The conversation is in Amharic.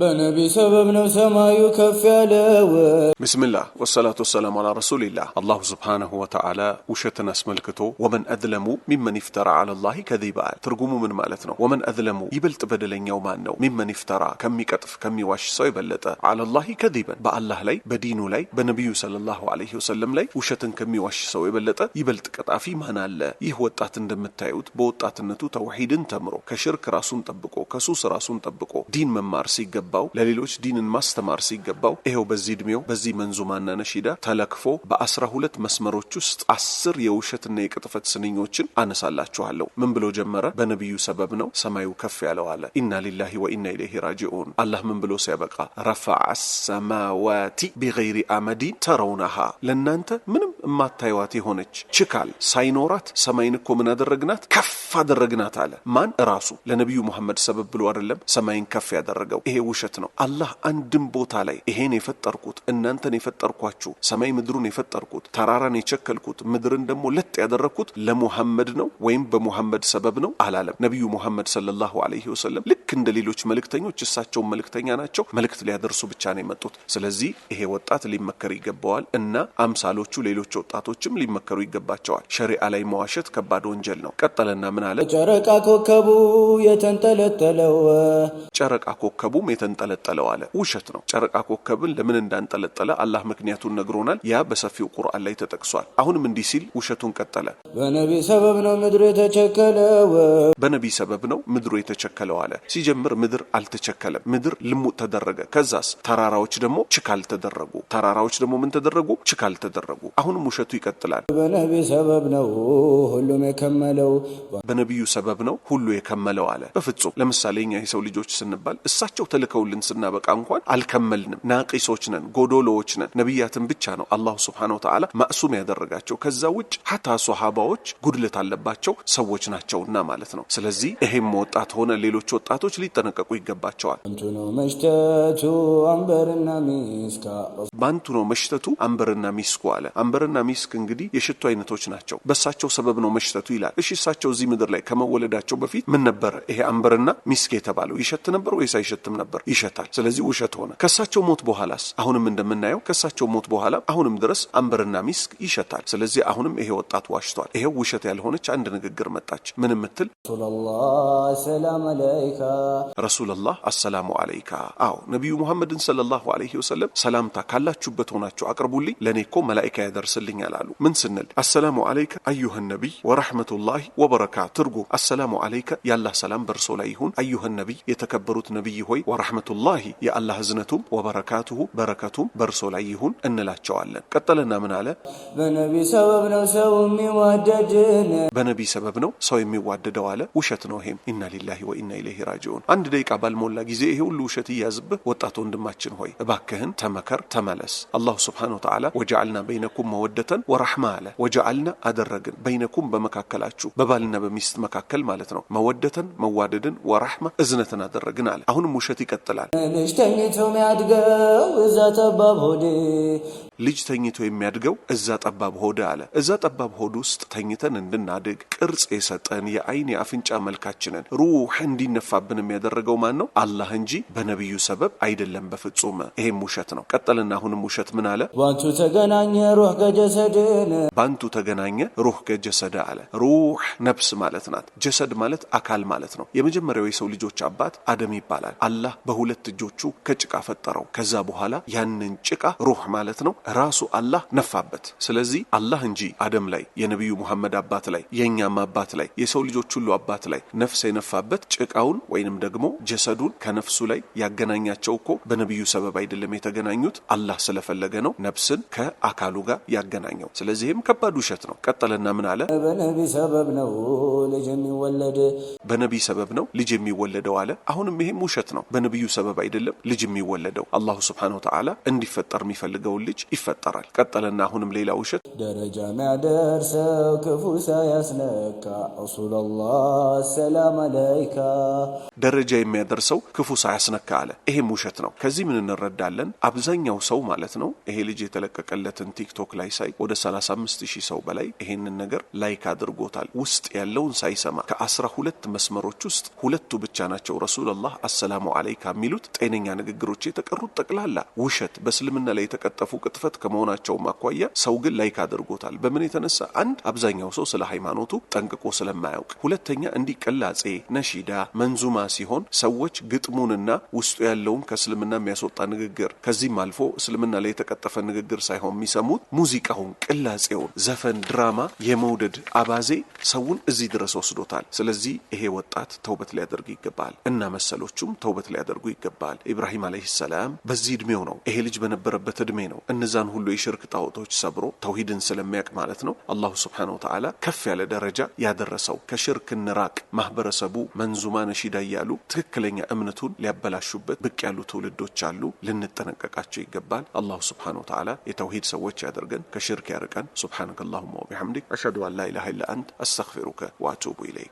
በነቢ ሰበብ ነው ሰማዩ ከፍ ያለው። ብስምላህ ወሰላቱ ወሰላሙ አላ ረሱሊላህ። አላሁ ስብሓነሁ ወተዓላ ውሸትን አስመልክቶ ወመን አዝለሙ ሚመን ይፍተራ አላ ላሂ አለ። ትርጉሙ ምን ማለት ነው? ወመን አዝለሙ ይበልጥ በደለኛው ማን ነው? ሚመን ይፍተራ ከሚቀጥፍ ከሚዋሽ ሰው የበለጠ አላ ላሂ ከዚበን በአላህ ላይ በዲኑ ላይ በነቢዩ ሰለላሁ አለይሂ ወሰለም ላይ ውሸትን ከሚዋሽ ሰው የበለጠ ይበልጥ ቀጣፊ ማን አለ? ይህ ወጣት እንደምታዩት በወጣትነቱ ተውሂድን ተምሮ ከሽርክ ራሱን ጠብቆ ከሱስ ራሱን ጠብቆ ዲን መማር ሲገ ሲገባው ለሌሎች ዲንን ማስተማር ሲገባው ይኸው በዚህ እድሜው በዚህ መንዙማና ነሺዳ ተለክፎ በአስራ ሁለት መስመሮች ውስጥ አስር የውሸትና የቅጥፈት ስንኞችን አነሳላችኋለሁ። ምን ብሎ ጀመረ? በነቢዩ ሰበብ ነው ሰማዩ ከፍ ያለው አለ። ኢና ሊላሂ ወኢና ኢለይሂ ራጂኡን። አላህ ምን ብሎ ሲያበቃ ረፈዐ ሰማዋቲ ቢገይሪ አመዲን ተረውናሃ፣ ለእናንተ ምንም እማታይዋት የሆነች ችካል ሳይኖራት ሰማይን እኮ ምን አደረግናት? ከፍ አደረግናት አለ። ማን ራሱ ለነቢዩ ሙሐመድ ሰበብ ብሎ አይደለም ሰማይን ከፍ ያደረገው ይሄ ውሸት ነው። አላህ አንድም ቦታ ላይ ይሄን የፈጠርኩት እናንተን የፈጠርኳችሁ ሰማይ ምድሩን የፈጠርኩት ተራራን የቸከልኩት ምድርን ደግሞ ለጥ ያደረግኩት ለሙሐመድ ነው ወይም በሙሐመድ ሰበብ ነው አላለም። ነቢዩ ሙሐመድ ሰለላሁ አለይሂ ወሰለም ልክ እንደ ሌሎች መልእክተኞች እሳቸውን መልእክተኛ ናቸው። መልእክት ሊያደርሱ ብቻ ነው የመጡት። ስለዚህ ይሄ ወጣት ሊመከር ይገባዋል እና አምሳሎቹ ሌሎች ወጣቶችም ሊመከሩ ይገባቸዋል። ሸሪአ ላይ መዋሸት ከባድ ወንጀል ነው። ቀጠለና ምን አለ? ጨረቃ ኮከቡ የተንጠለጠለው ጨረቃ ኮከቡም የተንጠለጠለው አለ። ውሸት ነው። ጨረቃ ኮከብን ለምን እንዳንጠለጠለ አላህ ምክንያቱን ነግሮናል። ያ በሰፊው ቁርአን ላይ ተጠቅሷል። አሁንም እንዲህ ሲል ውሸቱን ቀጠለ። በነቢ ሰበብ ነው ምድሩ የተቸከለው፣ በነቢ ሰበብ ነው ምድሩ የተቸከለው አለ። ሲጀምር ምድር አልተቸከለም። ምድር ልሙጥ ተደረገ። ከዛስ ተራራዎች ደግሞ ችካል ተደረጉ። ተራራዎች ደግሞ ምን ተደረጉ? ችካል ተደረጉ። አሁንም ውሸቱ ይቀጥላል። በነቢ ሰበብ ነው ሁሉም የከመለው፣ በነቢዩ ሰበብ ነው ሁሉ የከመለው አለ። በፍጹም ለምሳሌ እኛ የሰው ልጆች ስንባል እሳቸው ተል ልከውልን ስናበቃ እንኳን አልከመልንም። ናቂሶች ነን፣ ጎዶሎዎች ነን። ነቢያትን ብቻ ነው አላሁ ስብሓነ ወተዓላ ማእሱም ያደረጋቸው። ከዛ ውጭ ሀታ ሶሃባዎች ጉድለት አለባቸው ሰዎች ናቸውና ማለት ነው። ስለዚህ ይሄም ወጣት ሆነ ሌሎች ወጣቶች ሊጠነቀቁ ይገባቸዋል። ባንቱ ነው መሽተቱ አንበርና ሚስኩ አለ። አንበርና ሚስክ እንግዲህ የሽቱ አይነቶች ናቸው። በእሳቸው ሰበብ ነው መሽተቱ ይላል። እሺ እሳቸው እዚህ ምድር ላይ ከመወለዳቸው በፊት ምን ነበረ ይሄ አንበርና ሚስክ የተባለው? ይሸት ነበር ወይስ አይሸትም ነበር? ነበር። ይሸታል። ስለዚህ ውሸት ሆነ። ከእሳቸው ሞት በኋላስ አሁንም እንደምናየው ከእሳቸው ሞት በኋላ አሁንም ድረስ አንበርና ሚስክ ይሸታል። ስለዚህ አሁንም ይሄ ወጣት ዋሽቷል። ይሄው ውሸት ያልሆነች አንድ ንግግር መጣች። ምን ምትል ረሱላላህ አሰላሙ አለይካ። አዎ ነቢዩ ሙሐመድን ሰለላሁ አለይሂ ወሰለም ሰላምታ ካላችሁበት ሆናችሁ አቅርቡልኝ፣ ለእኔ እኮ መላይካ ያደርስልኛል አሉ። ምን ስንል አሰላሙ አለይከ አዩሃ ነቢይ ወረሕመቱላሂ ወበረካቱ። ትርጉም አሰላሙ አለይከ ያላህ ሰላም በእርሶ ላይ ይሁን፣ አዩሃ ነቢይ የተከበሩት ነቢይ ሆይ ወረሕመቱላሂ የአላህ እዝነቱም ወበረካቱሁ በረከቱም በእርሶ ላይ ይሁን እንላቸዋለን። ቀጠለና ምን አለ? በነቢ ሰበብ ነው ሰው የሚዋደድ በነቢ ሰበብ ነው ሰው የሚዋደደው አለ። ውሸት ነው ይሄም። ኢና ሊላሂ ወኢና ኢለይሂ ራጂዑን። አንድ ደቂቃ ባልሞላ ጊዜ ይሄ ሁሉ ውሸት እያዝብህ፣ ወጣት ወንድማችን ሆይ እባክህን ተመከር፣ ተመለስ። አላሁ ስብሓነ ወተዓላ ወጀዓልና በይነኩም መወደተን ወረሕማ አለ። ወጀዓልና አደረግን፣ በይነኩም በመካከላችሁ በባልና በሚስት መካከል ማለት ነው መወደተን መዋደድን ወረሕማ እዝነትን አደረግን አለ። አሁንም ውሸት ይቀ ይቀጥላል። ልጅ ተኝቶ ሚያድገው እዛ ጠባብ ሆዴ ልጅ ተኝቶ የሚያድገው እዛ ጠባብ ሆድ አለ። እዛ ጠባብ ሆድ ውስጥ ተኝተን እንድናድግ ቅርጽ የሰጠን የአይን የአፍንጫ መልካችንን ሩሕ እንዲነፋብን የሚያደረገው ማን ነው? አላህ እንጂ በነቢዩ ሰበብ አይደለም በፍጹም። ይሄም ውሸት ነው። ቀጠልና አሁንም ውሸት ምን አለ? ባንቱ ተገናኘ ሩሕ ከጀሰድን ባንቱ ተገናኘ ሩሕ ከጀሰድ አለ። ሩሕ ነብስ ማለት ናት። ጀሰድ ማለት አካል ማለት ነው። የመጀመሪያው የሰው ልጆች አባት አደም ይባላል። አላህ በሁለት እጆቹ ከጭቃ ፈጠረው። ከዛ በኋላ ያንን ጭቃ ሩሕ ማለት ነው ራሱ አላህ ነፋበት። ስለዚህ አላህ እንጂ አደም ላይ የነቢዩ ሙሐመድ አባት ላይ የእኛም አባት ላይ የሰው ልጆች ሁሉ አባት ላይ ነፍስ የነፋበት ጭቃውን ወይንም ደግሞ ጀሰዱን ከነፍሱ ላይ ያገናኛቸው እኮ በነቢዩ ሰበብ አይደለም የተገናኙት፣ አላህ ስለፈለገ ነው ነፍስን ከአካሉ ጋር ያገናኘው። ስለዚህም ከባድ ውሸት ነው። ቀጠለና ምን አለ? በነቢ ሰበብ ነው ልጅ የሚወለድ በነቢ ሰበብ ነው ልጅ የሚወለደው አለ። አሁንም ይሄም ውሸት ነው። በነቢዩ ሰበብ አይደለም ልጅ የሚወለደው። አላሁ ስብሓነሁ ወተዓላ እንዲፈጠር የሚፈልገውን ልጅ ይፈጠራል። ቀጠለና አሁንም ሌላ ውሸት ደረጃ ሚያደርሰው ክፉ ሳያስነካ ረሱላላ ሰላም አለይካ ደረጃ የሚያደርሰው ክፉ ሳያስነካ አለ። ይሄም ውሸት ነው። ከዚህ ምን እንረዳለን? አብዛኛው ሰው ማለት ነው ይሄ ልጅ የተለቀቀለትን ቲክቶክ ላይ ሳይ ወደ 35 ሺህ ሰው በላይ ይሄንን ነገር ላይክ አድርጎታል። ውስጥ ያለውን ሳይሰማ ከአስራ ሁለት መስመሮች ውስጥ ሁለቱ ብቻ ናቸው ረሱላላህ አሰላሙ አለይካ የሚሉት ጤነኛ ንግግሮች፣ የተቀሩት ጠቅላላ ውሸት በእስልምና ላይ የተቀጠፉ ቅጥፈ ክስተት ከመሆናቸውም አኳያ ሰው ግን ላይክ አድርጎታል። በምን የተነሳ አንድ አብዛኛው ሰው ስለ ሃይማኖቱ ጠንቅቆ ስለማያውቅ፣ ሁለተኛ እንዲህ ቅላጼ፣ ነሺዳ፣ መንዙማ ሲሆን ሰዎች ግጥሙንና ውስጡ ያለውን ከእስልምና የሚያስወጣ ንግግር ከዚህም አልፎ እስልምና ላይ የተቀጠፈ ንግግር ሳይሆን የሚሰሙት ሙዚቃውን፣ ቅላጼውን፣ ዘፈን፣ ድራማ የመውደድ አባዜ ሰውን እዚህ ድረስ ወስዶታል። ስለዚህ ይሄ ወጣት ተውበት ሊያደርግ ይገባል እና መሰሎቹም ተውበት ሊያደርጉ ይገባል። ኢብራሂም አለይሂ ሰላም በዚህ እድሜው ነው ይሄ ልጅ በነበረበት እድሜ ነው እነዛ እነዛን ሁሉ የሽርክ ጣዖቶች ሰብሮ ተውሂድን ስለሚያውቅ ማለት ነው አላሁ ስብሓነሁ ወተዓላ ከፍ ያለ ደረጃ ያደረሰው። ከሽርክ እንራቅ ማህበረሰቡ መንዙማ ነሺዳ እያሉ ትክክለኛ እምነቱን ሊያበላሹበት ብቅ ያሉ ትውልዶች አሉ። ልንጠነቀቃቸው ይገባል። አላሁ ስብሓነሁ ወተዓላ የተውሂድ ሰዎች ያደርገን፣ ከሽርክ ያርቀን። ሱብሓነከ አላሁማ ወቢሐምዲክ አሽሀዱ አን ላ ኢላሃ ኢላ አንት አስተግፊሩከ ወአቱቡ ኢለይክ።